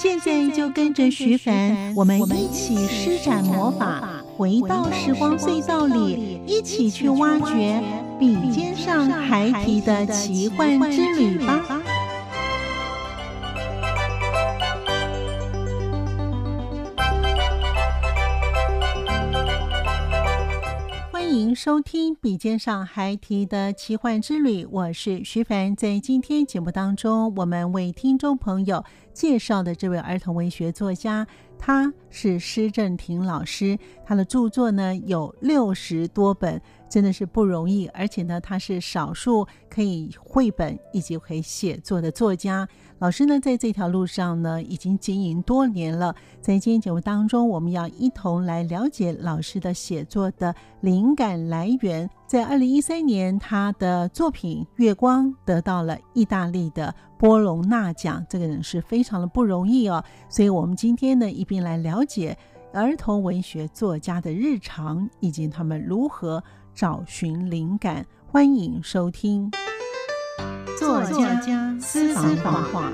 現在就跟着徐凡，我們一起施展魔法，魔法回到時光隧道裡，一起去挖掘筆尖上孩提的奇幻之旅吧！歡迎收聽《筆尖上孩提的奇幻之旅》，我是徐凡。在今天節目當中，我們為聽眾朋友。介紹的這位兒童文學作家，他是施政廷老師。他的著作呢，有六十多本。真的是不容易，而且呢，他是少數可以繪本以及可以寫作的作家。老師呢，在這條路上呢，已經經營多年了。在今天節目當中，我們要一同來了解老師的寫作的靈感來源。在二零一三年，他的作品《月光》得到了意大利的波隆那獎，這個人是非常的不容易哦。所以，我們今天呢，一併來了解兒童文學作家的日常，以及他們如何。找尋靈感，歡迎收聽作家私房話。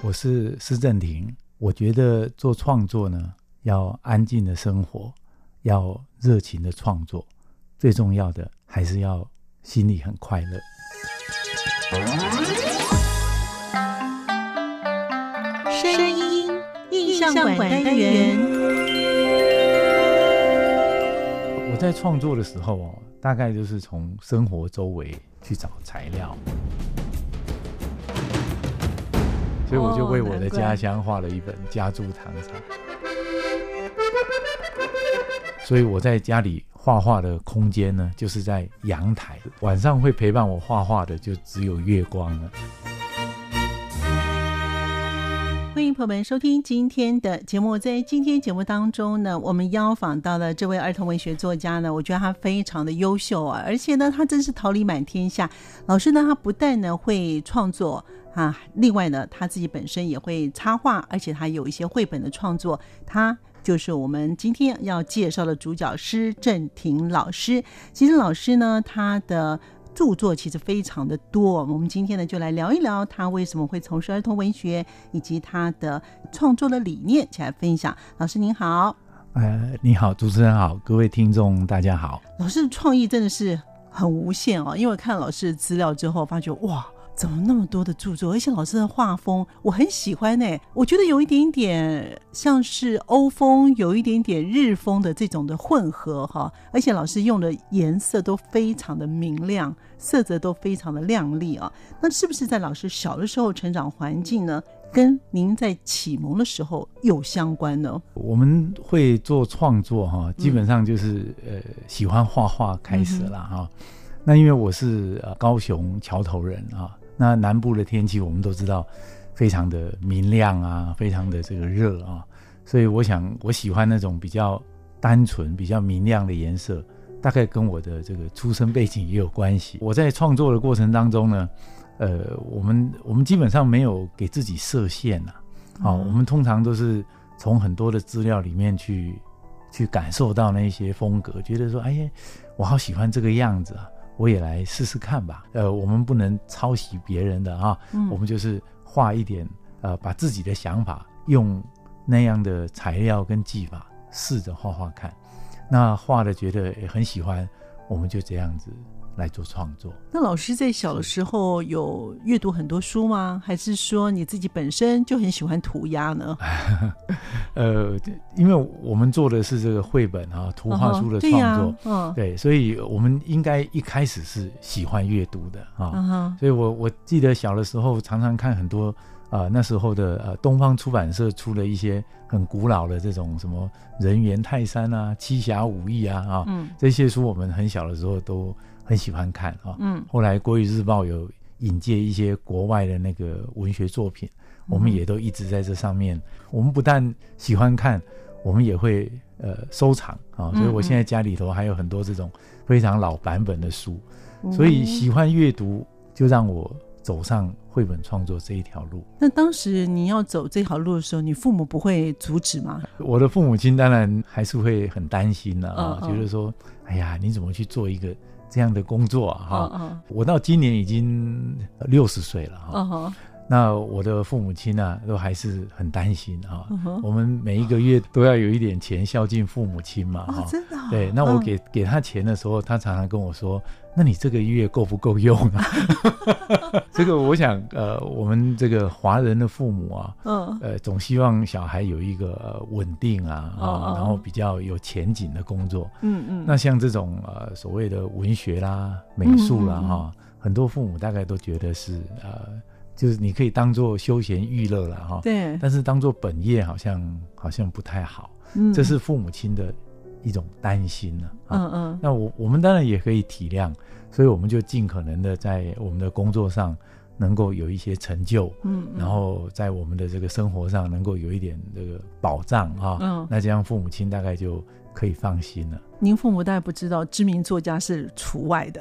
我是施政廷，我覺得做創作呢，要安靜的生活，要熱情的創作，最重要的還是要心裡很快樂。聲音印象館單元。我在創作的時候哦，大概就是從生活周圍去找材料，哦、所以我就為我的家鄉畫了一本家住常常《家住唐朝》。所以我在家裡畫畫的空間呢，就是在陽台。晚上會陪伴我畫畫的，就只有月光了。歡迎朋友們收聽今天的節目。在今天節目當中呢，我們邀訪到的這位兒童文學作家呢，我覺得他非常的優秀啊，而且呢，他真是桃李滿天下。老師呢，他不但呢會創作啊，另外呢，他自己本身也會插畫，而且他有一些繪本的創作。他就是我們今天要介紹的主角施政廷老師。其實老師呢，他的。著作其實非常的多，我們今天呢就來聊一聊他為什麼會從事兒童文學，以及他的創作的理念，起來分享。老師您好，呃，你好，主持人好，各位聽眾大家好。老師的創意真的是很無限哦，因為我看老師的資料之後，發覺哇，怎麼那麼多的著作，而且老師的畫風我很喜歡呢，欸，我覺得有一點點像是歐風，有一點點日風的這種的混合哈，哦，而且老師用的顏色都非常的明亮。色澤都非常的亮麗啊，那是不是在老師小的時候成長環境呢，跟您在啟蒙的時候有相關呢？我們會做創作哈、啊，基本上就是、嗯、呃喜歡畫畫開始了哈。嗯、哼那因為我是呃高雄橋頭人啊，那南部的天氣我們都知道，非常的明亮啊，非常的這個熱啊，所以我想我喜歡那種比較單純、比較明亮的顏色。大概跟我的這個出身背景也有關係。我在創作的過程當中呢，呃，我們我們基本上沒有給自己設限啊，啊，我們通常都是從很多的資料裡面去去感受到那些風格，覺得說，哎呀，我好喜歡這個樣子啊，我也來試試看吧。呃，我們不能抄襲別人的啊，我們就是畫一點，呃，把自己的想法用那樣的材料跟技法試着畫畫看。那畫的覺得也很喜歡，我們就這樣子來做創作。那老師在小的時候有閱讀很多書嗎？是還是說你自己本身就很喜歡塗鴉呢？ 呃，因為我們做的是這個繪本啊，圖畫書的創作，uh huh, 對啊, uh. 對，所以我們應該一開始是喜歡閱讀的啊, uh huh. 所以我我記得小的時候常常看很多。啊、呃，那時候的呃，東方出版社出了一些很古老的這種什麼《人猿泰山》啊，《七俠五義》啊，啊、嗯，這些書我們很小的時候都很喜歡看啊。嗯，後來《國語日報》有引介一些國外的那個文學作品，嗯、我們也都一直在這上面。嗯、我們不但喜歡看，我們也會呃收藏啊，所以我現在家裡頭還有很多這種非常老版本的書。嗯嗯所以喜歡閱讀，就讓我走上。繪本創作這一條路，那當時你要走這條路的時候，你父母不會阻止嗎？我的父母親當然還是會很擔心吶、啊啊，uh huh. 覺得說，哎呀，你怎麼去做一個這樣的工作哈、啊？Uh huh. 我到今年已經六十歲了哈、啊。Uh huh. 那我的父母親呢、啊，都還是很擔心哈、啊。Uh huh. 我們每一個月都要有一點錢孝敬父母親嘛哈。真的、uh。Huh. 哦、對，uh huh. 那我給給他錢的時候，他常常跟我說：“ uh huh. 那你這個月夠不夠用？”啊？ 」這個我想，呃，我們這個華人的父母啊，嗯、uh，huh. 呃，總希望小孩有一個穩、呃、定啊，啊、呃，uh huh. 然後比較有前景的工作。嗯嗯、uh。Huh. 那像這種呃，所謂的文學啦、美術啦，哈、uh，huh. 很多父母大概都覺得是呃。就是你可以當做休閒娛樂了哈，對，但是當做本業好像好像不太好，嗯，這是父母親的一種擔心啊。嗯嗯，啊，那我我們當然也可以體諒，所以我們就盡可能的在我們的工作上能夠有一些成就，嗯嗯，然後在我們的這個生活上能夠有一點這個保障啊，嗯嗯，啊，那這樣父母親大概就可以放心了。您父母大概不知道，知名作家是除外的。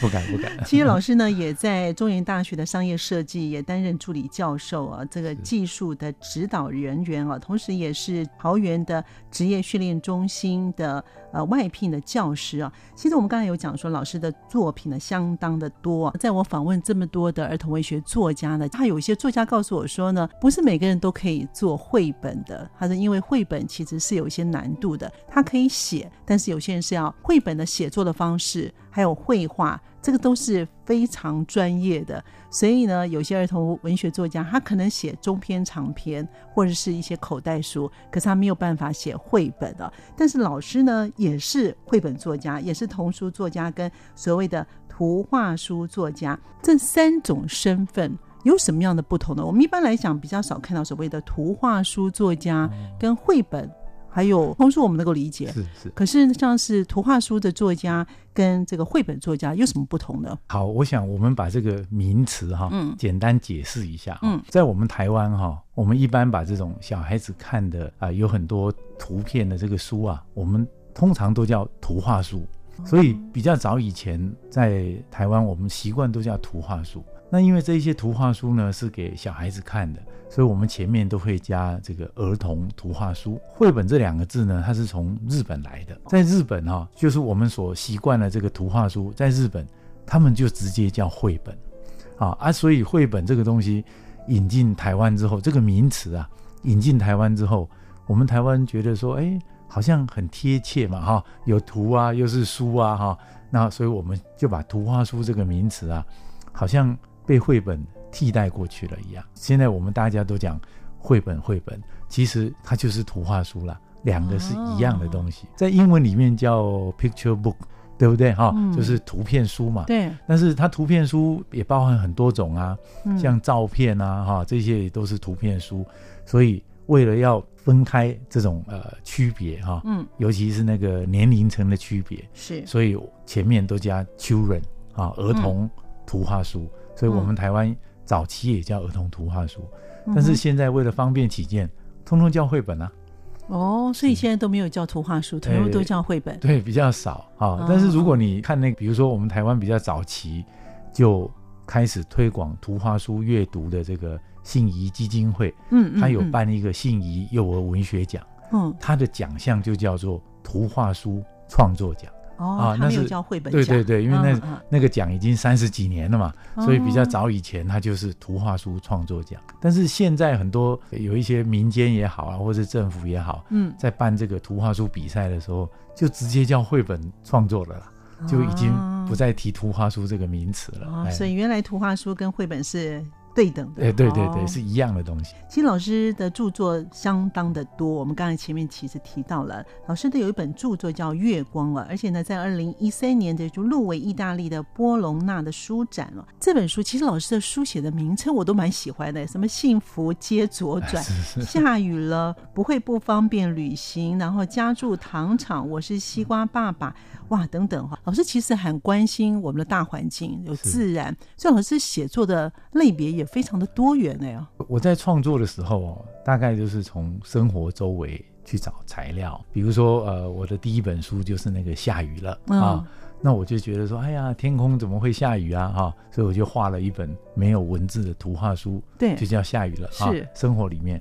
不敢不敢。其實老師呢，也在中原大學的商業設計也擔任助理教授啊，這個技術的指導人員啊，同時也是桃園的職業訓練中心的呃外聘的教師啊。其實我們剛才有講說，老師的作品呢，相當的多。在我訪問這麼多的兒童文學作家呢，他有些作家告訴我說呢，不是每個人都可以做繪本的，他說因為繪本其實是有一些難度的，他可以寫。但是有些人是要繪本的寫作的方式，還有繪畫，這個都是非常專業的。所以呢，有些兒童文學作家他可能寫中篇、長篇，或者是一些口袋書，可是他沒有辦法寫繪本啊。但是老師呢，也是繪本作家，也是童書作家，跟所謂的圖畫書作家這三種身份有什麼樣的不同呢？我們一般來講比較少看到所謂的圖畫書作家跟繪本。還有通俗，我們能夠理解，是是。可是像是圖畫書的作家跟這個繪本作家有什麼不同呢？好，我想我們把這個名詞哈，嗯，簡單解釋一下。嗯，在我們台灣哈，我們一般把這種小孩子看的啊、呃，有很多圖片的這個書啊，我們通常都叫圖畫書。所以比較早以前在台灣，我們習慣都叫圖畫書。那因為這一些圖畫書呢是給小孩子看的，所以我們前面都會加這個兒童圖畫書、繪本。這兩個字呢，它是從日本來的，在日本哈、哦，就是我們所習慣的這個圖畫書，在日本他們就直接叫繪本，啊啊，所以繪本這個東西引進台灣之後，這個名詞啊引進台灣之後，我們台灣覺得說，哎、欸，好像很貼切嘛哈，有圖啊，又是書啊哈，那所以我們就把圖畫書這個名詞啊，好像。被繪本替代過去了一樣。現在我們大家都講繪本，繪本其實它就是圖畫書了，兩個是一樣的東西。哦、在英文裡面叫 picture book，對不對？哈、嗯哦，就是圖片書嘛。對。但是它圖片書也包含很多種啊，嗯、像照片啊，哈、哦，這些也都是圖片書。所以為了要分開這種呃區別哈，哦嗯、尤其是那個年齡層的區別，是。所以前面都加 children 啊、哦，兒童。嗯圖畫書，所以我們台灣早期也叫兒童圖畫書，嗯、但是現在為了方便起見，嗯、哼通通叫繪本啊。哦，所以現在都沒有叫圖畫書，全部、嗯、都叫繪本、欸。對，比較少啊。哦、但是如果你看那個，比如說我們台灣比較早期就開始推廣圖畫書閱讀的這個信誼基金會，嗯他、嗯嗯、有辦一個信誼幼兒文學獎，嗯，他的獎項就叫做圖畫書創作獎。哦，啊、那繪本獎對對對，因為那、嗯、那個獎已經三十幾年了嘛，嗯、所以比較早以前它就是圖畫書創作獎。哦、但是現在很多有一些民間也好啊，或者政府也好，嗯，在辦這個圖畫書比賽的時候，就直接叫繪本創作了啦，嗯、就已經不再提圖畫書這個名詞了、哦哎哦。所以原來圖畫書跟繪本是。對等的，哎、欸，對對對，好是一樣的東西。其實老師的著作相當的多，我們剛才前面其實提到了，老師的有一本著作叫《月光》了、啊，而且呢，在二零一三年的就入圍意大利的波隆那的書展了、啊。這本書其實老師的書寫的名稱我都蠻喜歡的，什麼《幸福皆左轉》、 是是 下雨了不會不方便旅行，然後家住糖廠，我是西瓜爸爸。嗯哇，等等哈，老師其實很關心我們的大環境，有自然。是所以老師寫作的類別也非常的多元了、欸、呀。我在創作的時候，大概就是從生活周圍去找材料。比如說，呃，我的第一本書就是那個下雨了、嗯、啊。那我就覺得說，哎呀，天空怎麼會下雨啊？哈、啊，所以我就畫了一本沒有文字的圖畫書，對，就叫下雨了。是、啊、生活裡面。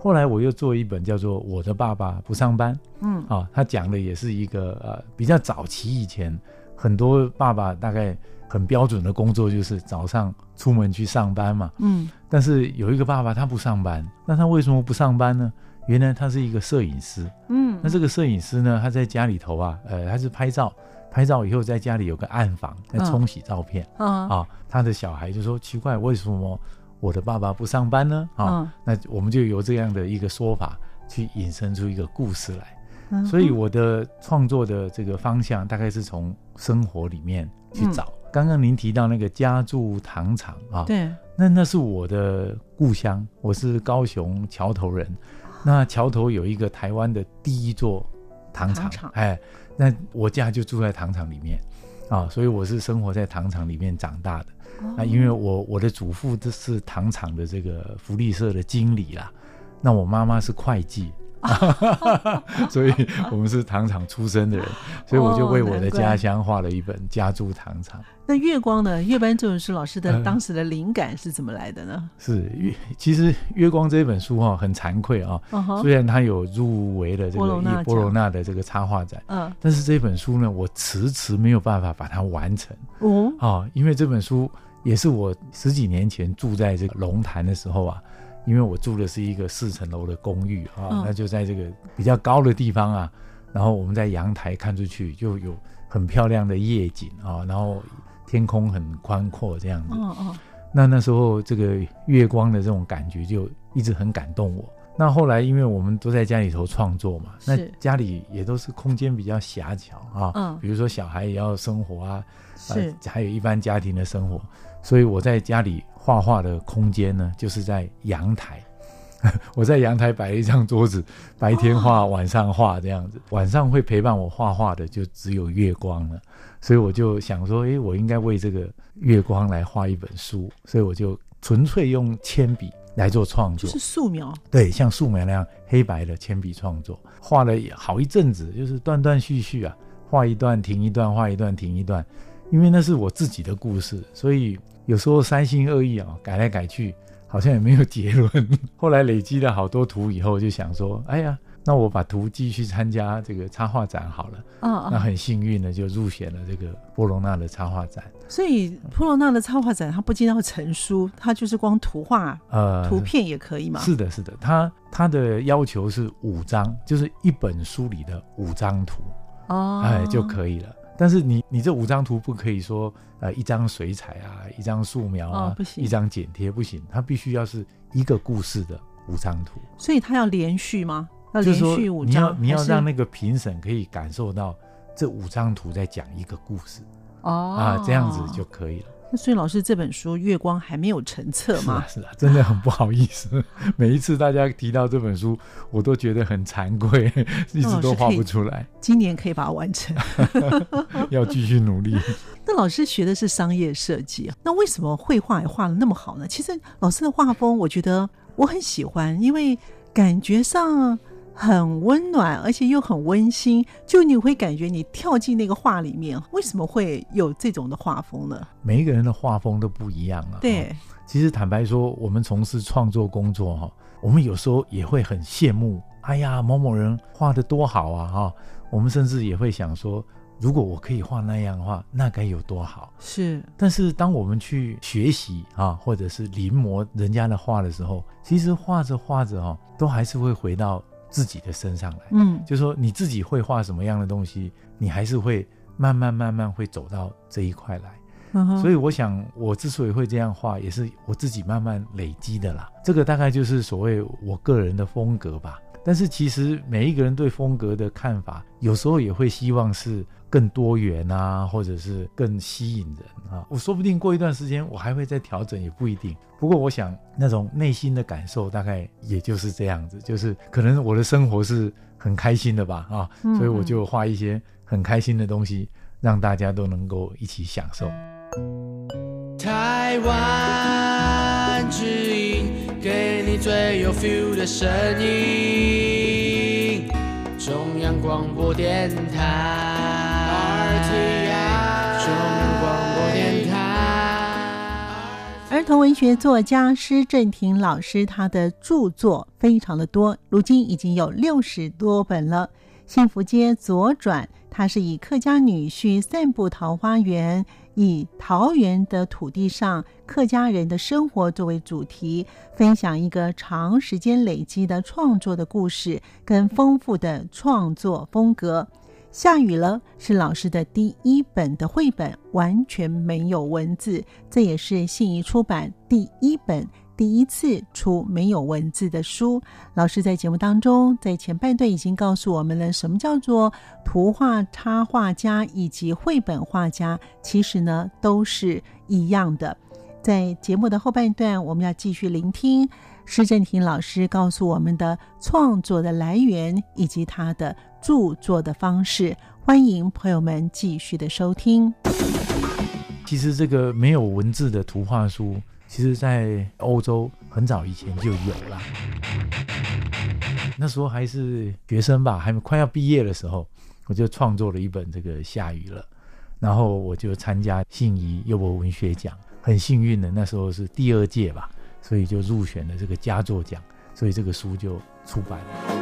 後來我又做一本叫做《我的爸爸不上班》。嗯，啊，他講的也是一個呃比較早期以前很多爸爸大概很標準的工作就是早上出門去上班嘛。嗯，但是有一個爸爸他不上班，那他為什麼不上班呢？原來他是一個攝影師。嗯，那這個攝影師呢，他在家裡頭啊，呃，他是拍照，拍照以後在家裡有個暗房在沖洗照片。啊、嗯，嗯、啊，他的小孩就說奇怪，為什麼？我的爸爸不上班呢，啊，嗯、那我們就由這樣的一個說法去引申出一個故事來，所以我的創作的這個方向大概是從生活裡面去找。剛剛、嗯、您提到那個家住糖廠啊，對，那那是我的故鄉，我是高雄橋頭人，那橋頭有一個台灣的第一座糖廠，糖廠，哎，那我家就住在糖廠裡面，啊，所以我是生活在糖廠裡面長大的。那、哦啊、因為我我的祖父這是糖廠的這個福利社的經理啦，那我媽媽是會計，啊、 所以我們是糖廠出身的人，哦、所以我就為我的家鄉畫了一本《家住糖廠》哦。那《月光》呢？月班這本書老師的當時的靈感是怎麼來的呢？嗯、是月，其實《月光》這本書哈、啊，很慚愧啊，哦、雖然它有入圍了這個波隆那的這個插畫展，嗯、哦，但是這本書呢，我遲遲沒有辦法把它完成，哦、嗯，啊，因為這本書。也是我十幾年前住在這個龍潭的時候啊，因為我住的是一個四層樓的公寓啊，那就在這個比較高的地方啊，然後我們在陽台看出去就有很漂亮的夜景啊，然後天空很寬闊這樣子。嗯，那那時候這個月光的這種感覺就一直很感動我。那後來因為我們都在家裡頭創作嘛，那家裡也都是空間比較狹小啊，比如說小孩也要生活啊，啊，還有一般家庭的生活。所以我在家裡畫畫的空間呢，就是在陽台。 我在陽台擺一張桌子，白天畫，晚上畫這樣子。哦、晚上會陪伴我畫畫的就只有月光了，所以我就想說，誒、欸，我應該為這個月光來畫一本書。所以我就純粹用鉛筆來做創作，就是素描。對，像素描那樣黑白的鉛筆創作，畫了好一陣子，就是斷斷續續啊，畫一段停一段，畫一段停一段，因為那是我自己的故事，所以。有時候三心二意啊、哦，改來改去，好像也沒有結論。 後來累積了好多圖以後，就想說：“哎呀，那我把圖寄去參加這個插畫展好了。哦”嗯，那很幸運的就入選了這個波隆那的插畫展。所以，波隆那的插畫展它不僅要成書，它就是光圖畫，呃圖片也可以嘛、呃？是的，是的，它它的要求是五張，就是一本書裡的五張圖哦，哎就可以了。但是你你這五張圖不可以說，呃，一張水彩啊，一張素描啊、哦、不行，一張剪貼不行，它必須要是一個故事的五張圖，所以它要連續嗎？要連續五張，就是說你要是你要讓那個評審可以感受到這五張圖在講一個故事哦啊，這樣子就可以了。所以老師這本書《月光》還沒有成冊嗎？是啊，是啊，真的很不好意思。 每一次大家提到這本書，我都覺得很慚愧， 一直都畫不出來。今年可以把它完成， 要繼續努力。 那老師學的是商業設計啊，那為什麼繪畫也畫得那麼好呢？其實老師的畫風，我覺得我很喜歡，因為感覺上。很溫暖，而且又很溫馨，就你會感覺你跳進那個畫裡面，為什麼會有這種的畫風呢？每一個人的畫風都不一樣啊。對，其實坦白說，我們從事創作工作哈，我們有時候也會很羨慕，哎呀，某某人畫得多好啊，哈，我們甚至也會想說，如果我可以畫那樣的話，那該有多好。是，但是當我們去學習啊，或者是臨摹人家的畫的時候，其實畫着畫着哈，都還是會回到。自己的身上來，嗯，就是說你自己會畫什麼樣的東西，你還是會慢慢慢慢會走到這一塊來，所以我想我之所以會這樣畫，也是我自己慢慢累積的啦，這個大概就是所謂我個人的風格吧。但是其實每一個人對風格的看法，有時候也會希望是更多元啊，或者是更吸引人啊。我說不定過一段時間我還會再調整，也不一定。不過我想那種內心的感受大概也就是這樣子，就是可能我的生活是很開心的吧，啊，所以我就畫一些很開心的東西，嗯嗯，讓大家都能夠一起享受。台灣之。最有 feel 的聲音，中央廣播電台，兒童文學作家施政廷老師，他的著作非常的多，如今已經有六十多本了。幸福街左轉，他是以客家女婿散步桃花源，以桃園的土地上客家人的生活作為主題，分享一個長時間累積的創作的故事，跟豐富的創作風格。下雨了是老師的第一本的繪本，完全沒有文字，這也是信誼出版第一本。第一次出沒有文字的書，老師在節目當中，在前半段已經告訴我們了，什麼叫做圖畫插畫家以及繪本畫家，其實呢都是一樣的。在節目的後半段，我們要繼續聆聽施政廷老師告訴我們的創作的來源以及他的著作的方式，歡迎朋友們繼續的收聽。其實這個沒有文字的圖畫書，其實在歐洲很早以前就有了。那時候還是學生吧，還沒快要畢業的時候，我就創作了一本這個下雨了，然後我就參加信誼幼兒文學獎，很幸運的那時候是第二屆吧，所以就入選了這個佳作獎，所以這個書就出版了。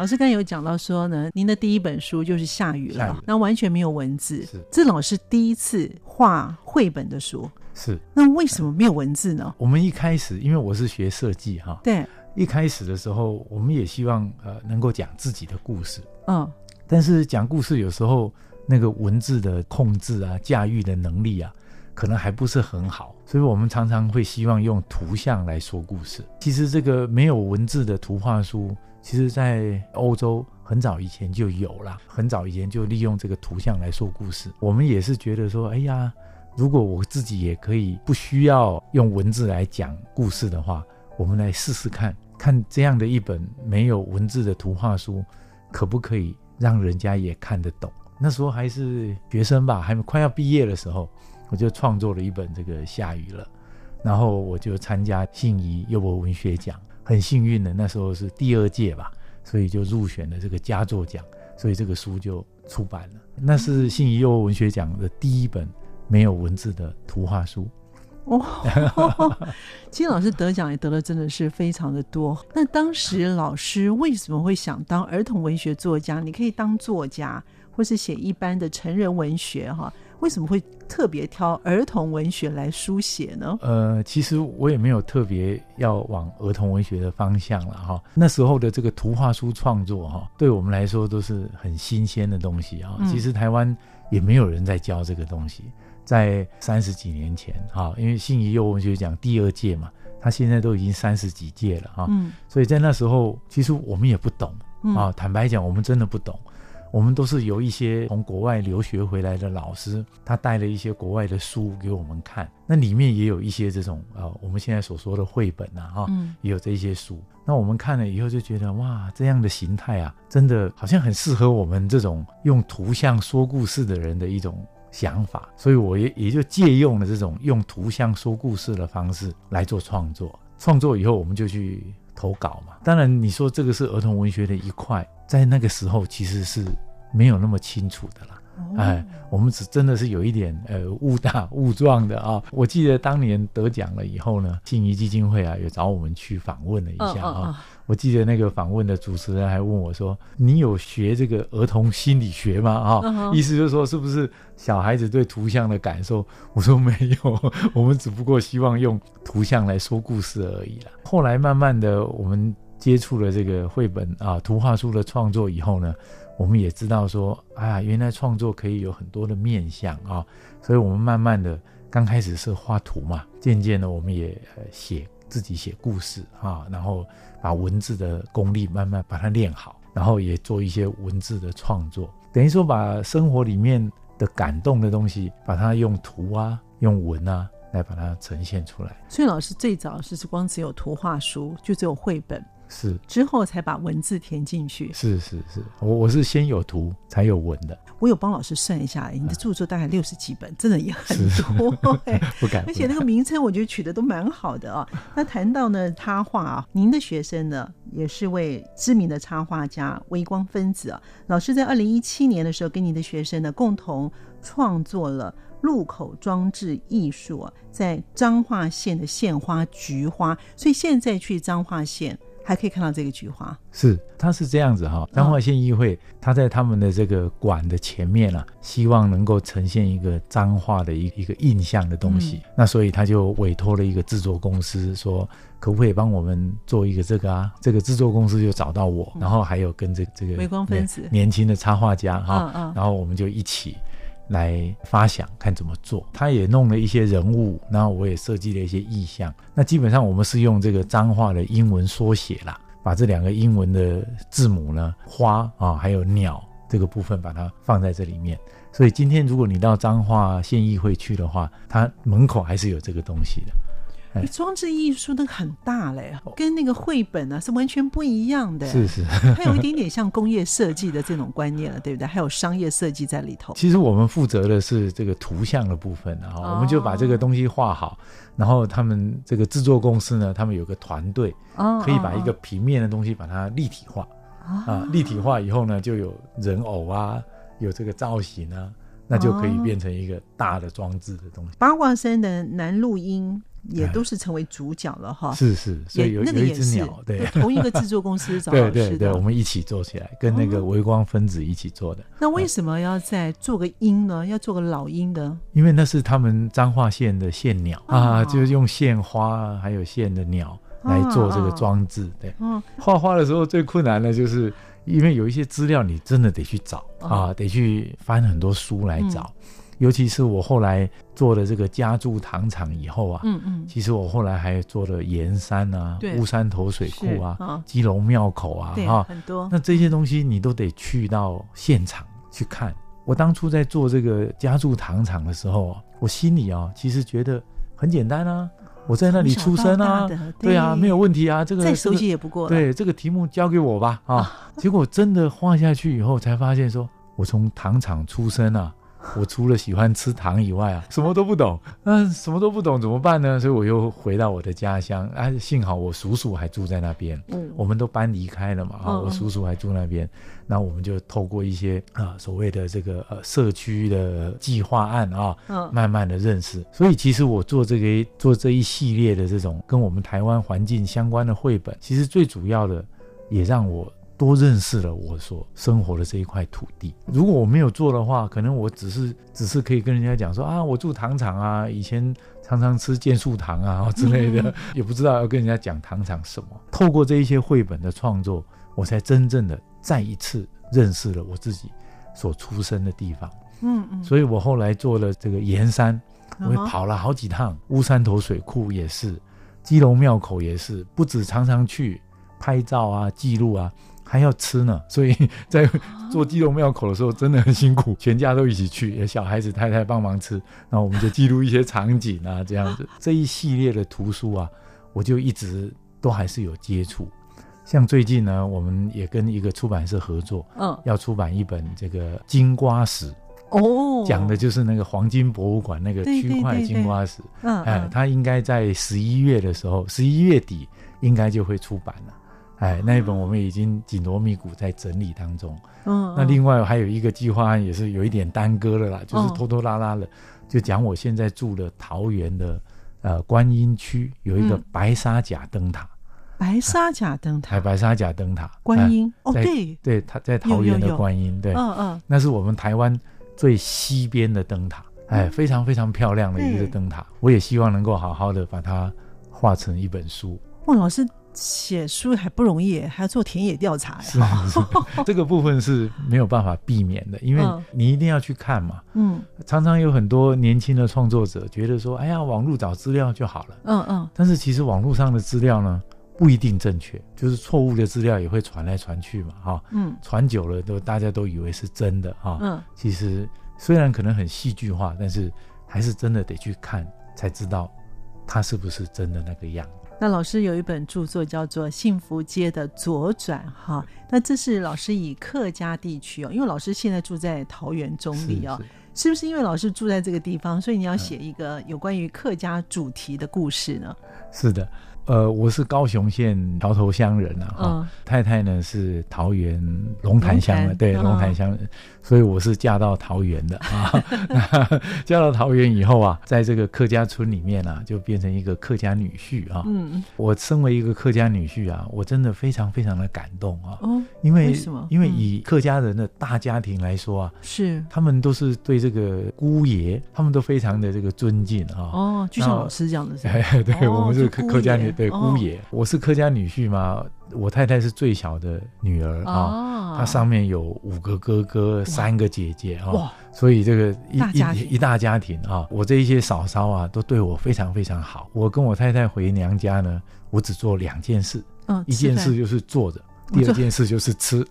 老師剛才有講到說呢，您的第一本書就是下雨了，下雨了那完全沒有文字，是這老師第一次畫繪本的書，是那為什麼沒有文字呢？嗯，我們一開始因為我是學設計哈，對，一開始的時候我們也希望呃能夠講自己的故事，嗯，但是講故事有時候那個文字的控制啊、駕馭的能力啊，可能還不是很好，所以我們常常會希望用圖像來說故事。其實這個沒有文字的圖畫書。其實，在歐洲很早以前就有了，很早以前就利用這個圖像來說故事。我們也是覺得說，哎呀，如果我自己也可以不需要用文字來講故事的話，我們來試試看看這樣的一本沒有文字的圖畫書，可不可以讓人家也看得懂？那時候還是學生吧，還快要畢業的時候，我就創作了一本這個下雨了，然後我就參加信誼幼博文學獎。很幸運的，那時候是第二屆吧，所以就入選了這個佳作獎，所以這個書就出版了。那是信誼幼兒文學獎的第一本沒有文字的圖畫書。哇、嗯！金 老師得獎也得了，真的是非常的多。那當時老師為什麼會想當兒童文學作家？你可以當作家，或是寫一般的成人文學，哈。為什麼會特別挑兒童文學來書寫呢？呃，其實我也沒有特別要往兒童文學的方向了哈、哦。那時候的這個圖畫書創作哈、哦，對我們來說都是很新鮮的東西啊。哦嗯、其實台灣也沒有人在教這個東西，在三十幾年前哈、哦，因為信誼幼兒文學獎第二屆嘛，他現在都已經三十幾屆了哈，哦嗯、所以在那時候，其實我們也不懂啊。哦嗯、坦白講，我們真的不懂。我們都是有一些從國外留學回來的老師，他帶了一些國外的書給我們看，那裡面也有一些這種呃我們現在所說的繪本吶、啊，哈、哦，嗯、也有這些書。那我們看了以後就覺得哇，這樣的形態啊，真的好像很適合我們這種用圖像說故事的人的一種想法。所以我也也就借用了這種用圖像說故事的方式來做創作。創作以後我們就去投稿嘛。當然你說這個是兒童文學的一塊，在那個時候其實是沒有那麼清楚的啦，哎、oh.，我們只真的是有一點呃誤打誤撞的啊。我記得當年得獎了以後呢，信誼基金會啊也找我們去訪問了一下啊。Oh, oh, oh. 我記得那個訪問的主持人還問我說：“你有學這個兒童心理學嗎？”啊，uh huh. 意思就是說是不是小孩子對圖像的感受？我說沒有，我們只不過希望用圖像來說故事而已了。後來慢慢的我們，接觸了這個繪本啊，圖畫書的創作以後呢，我們也知道說，哎、啊、呀，原來創作可以有很多的面向啊，所以我們慢慢的，剛開始是畫圖嘛，漸漸的我們也寫自己寫故事啊，然後把文字的功力慢慢把它練好，然後也做一些文字的創作，等於說把生活裡面的感動的東西，把它用圖啊，用文啊來把它呈現出來。所以老師最早是光只有圖畫書，就只有繪本。是，之後才把文字填進去。是是是，我我是先有圖才有文的。我有幫老師算一下，您的著作大概六十幾本，啊、真的也很多。是 不敢不敢。而且那個名稱，我覺得取得都蠻好的啊。 那談到呢，他畫啊，您的學生呢也是位知名的插畫家——微光分子啊。老師在二零一七年的時候，跟您的學生呢共同創作了路口裝置藝術，啊，在彰化縣的縣花菊花。所以現在去彰化縣。還可以看到這個菊花，是他是這樣子哈、哦，彰化縣議會，他、哦、在他們的這個館的前面啊，希望能夠呈現一個彰化的一一個印象的東西，嗯、那所以他就委託了一個製作公司說，說可不可以幫我們做一個這個啊？這個製作公司就找到我，嗯、然後還有跟這這個微光分子年輕的插畫家哈，嗯嗯、然後我們就一起。來發想看怎麼做，他也弄了一些人物，然後我也設計了一些意象。那基本上我們是用這個彰化的英文縮寫啦，把這兩個英文的字母呢，花啊、哦、還有鳥這個部分把它放在這裡面。所以今天如果你到彰化縣議會去的話，它門口還是有這個東西的。欸、裝置藝術都很大嘞、欸，跟那個繪本呢、啊、是完全不一樣的、欸，是是，它有一點點像工業設計的這種觀念了， 對不對？還有商業設計在裡頭。其實我們負責的是這個圖像的部分，啊。我們就把這個東西畫好，哦、然後他們這個製作公司呢，他們有個團隊，哦啊、可以把一個平面的東西把它立體化，哦、啊，啊，立體化以後呢，就有人偶啊，有這個造型啊，那就可以變成一個大的裝置的東西。八卦、哦、山的南錄音。也都是成為主角了哈，是是，有那個也是鳥，對，同一個製作公司找的，對對，我們一起做起來，跟那個微光分子一起做的。那為什麼要再做個鷹呢？要做個老鷹的？因為那是他們彰化縣的縣鳥啊，就是用縣花還有縣的鳥來做這個裝置。對，嗯，畫畫的時候最困難的就是，因為有一些資料你真的得去找啊，得去翻很多書來找。尤其是我後來做了這個家住糖廠以後啊，嗯嗯，其實我後來還做了鹽山啊、烏對山頭水庫啊、啊基隆廟口啊，對，啊、很多。那這些東西你都得去到現場去看。我當初在做這個家住糖廠的時候，我心裡啊，其實覺得很簡單啊，我在那裡出生啊，對，對啊，沒有問題啊，這個再熟悉也不過。對，這個題目交給我吧啊。啊 結果真的畫下去以後，才發現說我從糖廠出生啊。我除了喜歡吃糖以外啊，什麼都不懂。那什麼都不懂怎麼辦呢？所以我又回到我的家鄉。啊，幸好我叔叔還住在那邊。嗯，我們都搬離開了嘛。啊、嗯，我叔叔還住那邊。那我們就透過一些啊、呃、所謂的這個呃社區的計劃案啊，呃嗯、慢慢的認識。所以其實我做這個做這一系列的這種跟我們台灣環境相關的繪本，其實最主要的也讓我。多認識了我所生活的這一塊土地。如果我沒有做的話，可能我只是只是可以跟人家講說啊，我住糖廠啊，以前常常吃健素糖啊之類的， 也不知道要跟人家講糖廠什麼。透過這一些繪本的創作，我才真正的再一次認識了我自己所出生的地方。嗯嗯。嗯，所以我後來做了這個鹽山，我也跑了好幾趟。烏、嗯、山頭水庫也是，基隆廟口也是，不止常常去拍照啊，記錄啊。還要吃呢，所以在做基隆廟口的時候真的很辛苦，全家都一起去，也小孩子、太太幫忙吃，那我們就記錄一些場景啊這樣子，這一系列的圖書啊，我就一直都還是有接觸。像最近呢，我們也跟一個出版社合作，嗯，要出版一本這個金瓜石哦，講的就是那個黃金博物館那個區塊金瓜石，嗯，哎、呃，它應該在十一月的時候，十一月底應該就會出版了。哎，那一本我們已經緊鑼密鼓在整理當中。嗯，那另外還有一個計劃案也是有一點耽擱了啦，就是拖拖拉拉的，就講我現在住的桃園的呃觀音區有一個白沙岬燈塔。白沙岬燈塔。白沙岬燈塔。觀音。哦，對。對，他在桃園的觀音，對。嗯嗯。那是我們台灣最西邊的燈塔，哎，非常非常漂亮的一個燈塔。我也希望能夠好好的把它畫成一本書。孟老師。寫書還不容易，還要做田野調查呀。是啊， 這個部分是沒有辦法避免的，因為你一定要去看嘛。嗯，常常有很多年輕的創作者覺得說：“嗯，哎呀，網絡找資料就好了。嗯”嗯嗯。但是其實網絡上的資料呢，不一定正確，就是錯誤的資料也會傳來傳去嘛。哈，啊，嗯，傳久了都大家都以為是真的哈。啊，嗯，其實雖然可能很戲劇化，但是還是真的得去看才知道，他是不是真的那個樣。那老師有一本著作叫做《幸福街的左轉》哈，那這是老師以客家地區哦，因為老師現在住在桃園中壢哦，是，是，是不是因為老師住在這個地方，所以你要寫一個有關於客家主題的故事呢？是的。呃，我是高雄縣橋頭鄉人吶，哈，太太呢是桃園龍潭鄉的，對，龍潭鄉，所以我是嫁到桃園的啊。嫁到桃園以後啊，在這個客家村裡面啊，就變成一個客家女婿啊。嗯，我身為一個客家女婿啊，我真的非常非常的感動啊。因為什麼？因為以客家人的大家庭來說啊，是，他們都是對這個姑爺，他們都非常的這個尊敬啊。哦，就像老師講的。是，哎，對我們是客家女。對姑爺，我是客家女婿嘛，我太太是最小的女兒啊，她上面有五個哥哥，三個姐姐啊，所以這個一一一大家庭啊，我這一些嫂嫂啊都對我非常非常好。我跟我太太回娘家呢，我只做兩件事，嗯，一件事就是坐着，第二件事就是吃，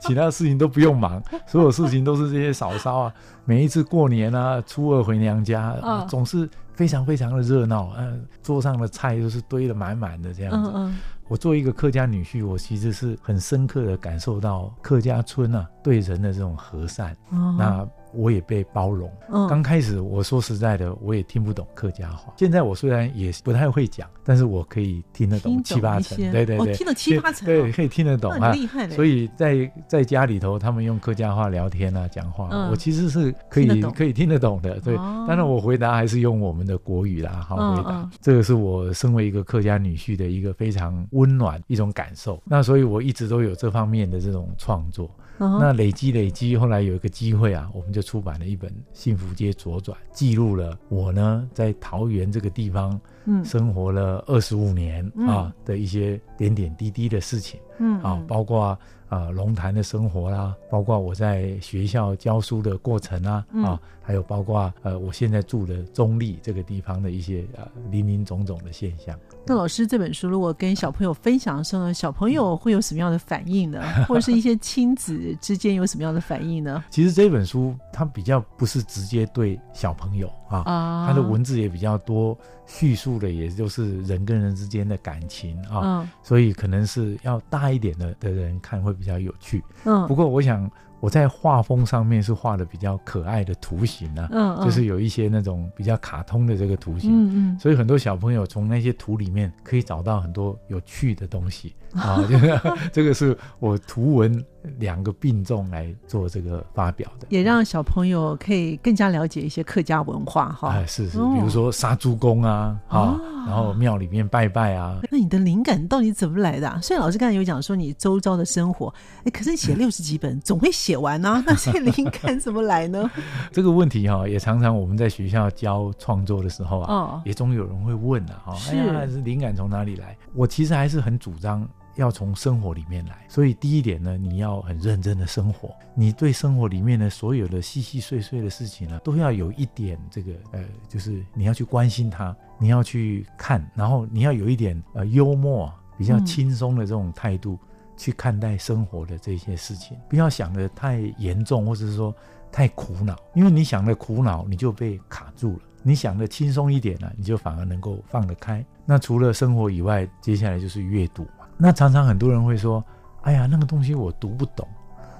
其他事情都不用忙，所有事情都是這些嫂嫂啊，每一次過年啊，初二回娘家啊，總是。非常非常的熱鬧，嗯，桌上的菜都是堆得滿滿的這樣子。嗯嗯，我作為一個客家女婿，我其實是很深刻的感受到客家村啊，對人的這種和善。嗯嗯那。我也被包容。剛、嗯、開始我說實在的，我也聽不懂客家話。現在我雖然也不太會講，但是我可以聽得懂七八成，對對對，哦、聽得七八成、哦。對，可以聽得懂啊，哦、所以在在家裡頭，他們用客家話聊天啊，講話，嗯、我其實是可以可以聽得懂的。對，哦、當然我回答還是用我們的國語啦，好回答。哦哦這個是我身為一個客家女婿的一個非常溫暖一種感受。那所以我一直都有這方面的這種創作。嗯、那累積累積，後來有一個機會啊，我們就。出版了一本《幸福街左轉》，記錄了我呢在桃園這個地方，嗯，生活了二十五年，嗯、啊的一些點點滴滴的事情，嗯，嗯啊，包括啊龍、呃、潭的生活啦，包括我在學校教書的過程啊、嗯、啊，還有包括呃我現在住的中壢這個地方的一些啊、呃，林林總總的現象。那老師這本書如果跟小朋友分享的時候呢，小朋友會有什麼樣的反應呢？ 或者是一些親子之間有什麼樣的反應呢？其實這本書它比較不是直接對小朋友啊，啊它的文字也比較多，敘述的也就是人跟人之間的感情啊，嗯，所以可能是要大一點的的人看會比較有趣。嗯，不過我想。我在畫風上面是畫的比較可愛的圖形啊，嗯嗯，就是有一些那種比較卡通的這個圖形，嗯嗯，所以很多小朋友從那些圖裡面可以找到很多有趣的東西，嗯嗯啊，就是 這個是我圖文。兩個並重，來做這個發表的，也讓小朋友可以更加了解一些客家文化哈、嗯哎。是是，比如說殺豬公啊，啊、哦哦，然後廟裡面拜拜啊。哦、那你的靈感到底怎麼來的、啊？雖然老師剛才有講說你周遭的生活，哎，可是你寫六十幾本， 總會寫完啊。那些靈感怎麼來呢？ 這個問題哈、哦，也常常我們在學校教創作的時候啊，哦、也總有人會問啊，哎、是靈感從哪裡來？是我其實還是很主張。要從生活裡面來，所以第一點呢，你要很認真的生活，你對生活裡面的所有的細細碎碎的事情呢、啊，都要有一點這個呃，就是你要去關心它，你要去看，然後你要有一點呃幽默，比較輕鬆的這種態度去看待生活的這些事情，嗯，不要想得太嚴重，或者是說太苦惱，因為你想得苦惱你就被卡住了，你想得輕鬆一點呢、啊，你就反而能夠放得開。那除了生活以外，接下來就是閱讀。那常常很多人會說：“哎呀，那個東西我讀不懂。”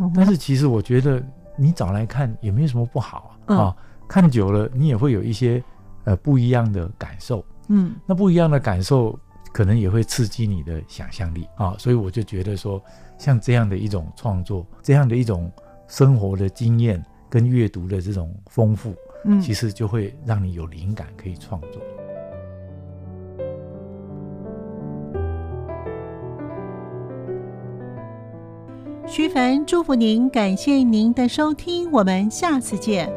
嗯，但是其實我覺得你找來看也沒有什麼不好啊，哦，哦。看久了你也會有一些呃不一樣的感受。嗯，那不一樣的感受可能也會刺激你的想象力啊，哦。所以我就覺得說，像這樣的一種創作，這樣的一種生活的經驗跟閱讀的這種豐富，嗯，其實就會讓你有靈感可以創作。徐凡，祝福您，感謝您的收聽，我們下次見。